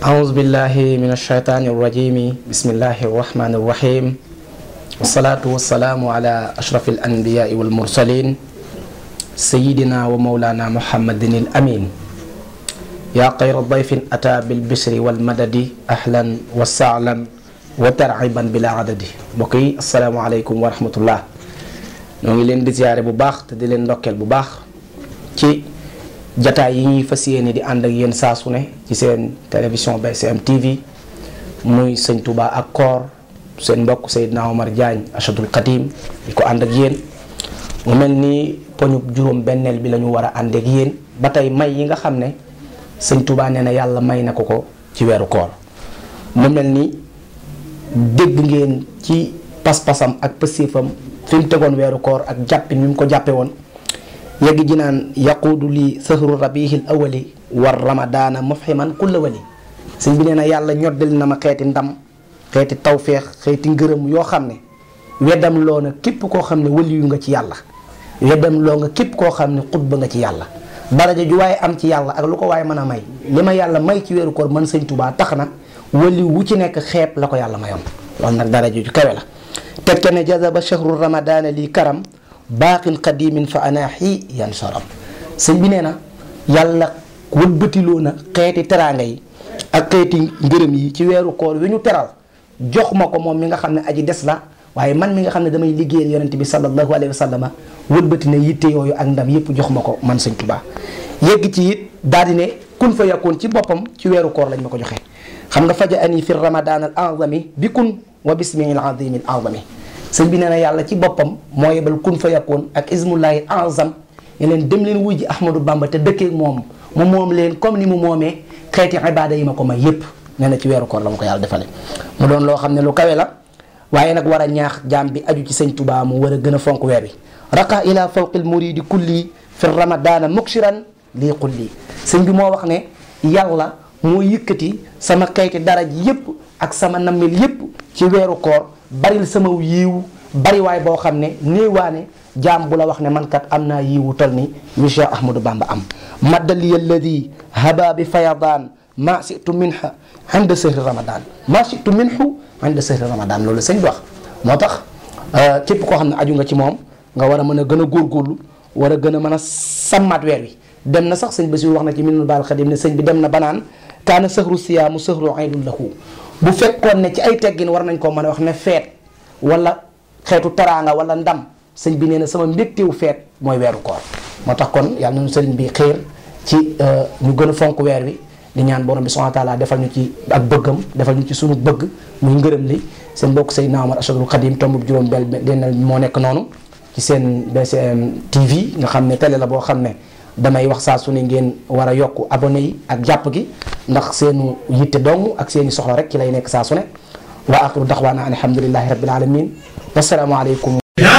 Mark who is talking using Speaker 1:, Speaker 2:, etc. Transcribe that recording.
Speaker 1: أعوذ بالله من الشيطان الرجيم بسم الله الرحمن الرحيم والصلاة والسلام على أشرف الأنبياء والمرسلين سيدنا ومولانا محمد الأمين يا قير الضيف أتى بالبشر والمدد أهلا وسهلا وترعبا بلا عدد بقي السلام عليكم ورحمة الله نوغي لين دي زيارة بباخ باخ تدي لين دوكل بباخ كي jataay yi ñuy fas yéene di ànd ak yéen saa su ne ci seen télévision BCM TV muy sëñ tubaa ak koor seen mbokk Seydina Omar Diagne Achadul Khadim di ko ànd ak yéen mu mel ni poñub juróom benneel bi lañu ñu war a ànd ak yéen ba tey may yi nga xam ne sëñ tubaa ne na yàlla may na ko ko ci weeru koor mu mel ni dégg ngeen ci pas-pasam ak pësifam fi tegoon weeru koor ak jàppin mi mu ko jàppe يجي جنان يقود لي سهر ربيه الأول والرمضان مفهما كل ولي سيñ bi neena yalla ñoddal na ma xéti ndam xéti tawfiq xéti ngeureum yo xamné weddam lo na képp ko xamné waliyu nga ci yalla weddam lo nga képp ko xamné qutba nga ci yalla daraja ju waye am ci yalla ak luko waye mëna may lima yalla may ci wéru koor man seigne touba taxna wali wu ci nek xép lako yalla mayon lol nak daraja ju kawé la tekkene jazaba shahru ramadan li karam باق قديم فانا حي ينشرب يعني سي نا يالا كوبتي لونا قيتي ترانغي اقيتي غرمي تي ويرو كور وي نيو تيرال جوخ ماكو موم ميغا خا ني ادي ديس لا واي مان ميغا خا ني داماي ليغيال يونتي بي صلى الله عليه وسلم وربتي ني يتي يوي اك ندام ييب جوخ ماكو مان سيغ توبا ييغ تي ييت دادي ني كون فا يكون تي بوبام تي ويرو كور لاني ماكو جوخي خمغا فاجا اني في رمضان الاعظم بكن وباسمه العظيم الاعظم sëñ bi nee na yàlla ci boppam moo yebal kun fa yakkoon ak ismullahi azam ne leen dem leen wuy ji Ahmadou Bamba te dëkkee moom mu moom leen comme ni mu moomee xeeti ibaada yi ma ko ma yépp nee na ci weeru koor la ma ko yàlla defale mu doon loo xam ne lu kawe la waaye nag war a ñaax jaam bi aju ci sëñ tubaa mu war a gën a fonk weer bi raqa ila fawqil muridi kulli fi ramadana mukshiran lii kulli sëñ bi moo wax ne yàlla moo yëkkati sama xeeti dara ji yépp ak sama nammil yépp ci weeru koor baril sama yiiw bariwaay boo xam ne néewaane jaam bu la wax ne mankat am naa yiiwu tal ni monsieur Ahmadou Bamba am maddali di haba bi fayadaan ma situ minha inda sehri ramadan ma situ minhu inda sehri ramadan loolu sëñ wax moo tax euh, képp koo xam ne aju nga ci moom nga war a mën a gën a góorgóorlu war a gën a mën a sàmmaat weer wi dem na sax ba Basiru wax na ci minul baal xadim ne sëñ bi dem na banaan kaana sëhru siyaamu sëhru aydun lahu bu fekkoon ne ci ay teggin war nañ koo mën a wax ne feet wala xeetu teraanga wala ndam sëñ bi nee na sama mbégtewu feet mooy weeru koor moo tax kon yàlla nañu sëriñ bi xiir ci euh, ñu gën a fonk weer wi di ñaan borom bi subhanahu wa taala defal ñu ci ak bëggam defal ñu ci suñu bëgg muy ngërëm li seen mbokk Seydina Omar Achadul Xadim tomb bu juróom benn moo nekk noonu ci seen BCM TV nga xam ne tele la boo xam ne damay wax saa su ne ngeen war a yokk abonné ak jàpp gi ndax seenu yitte dong ak seeni soxla rek ci lay nekk saa su ne wa axiru daxwaana an alhamdulillahi rabbil alamin wasalaamu aleykum ya